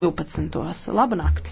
12. Labu nakti!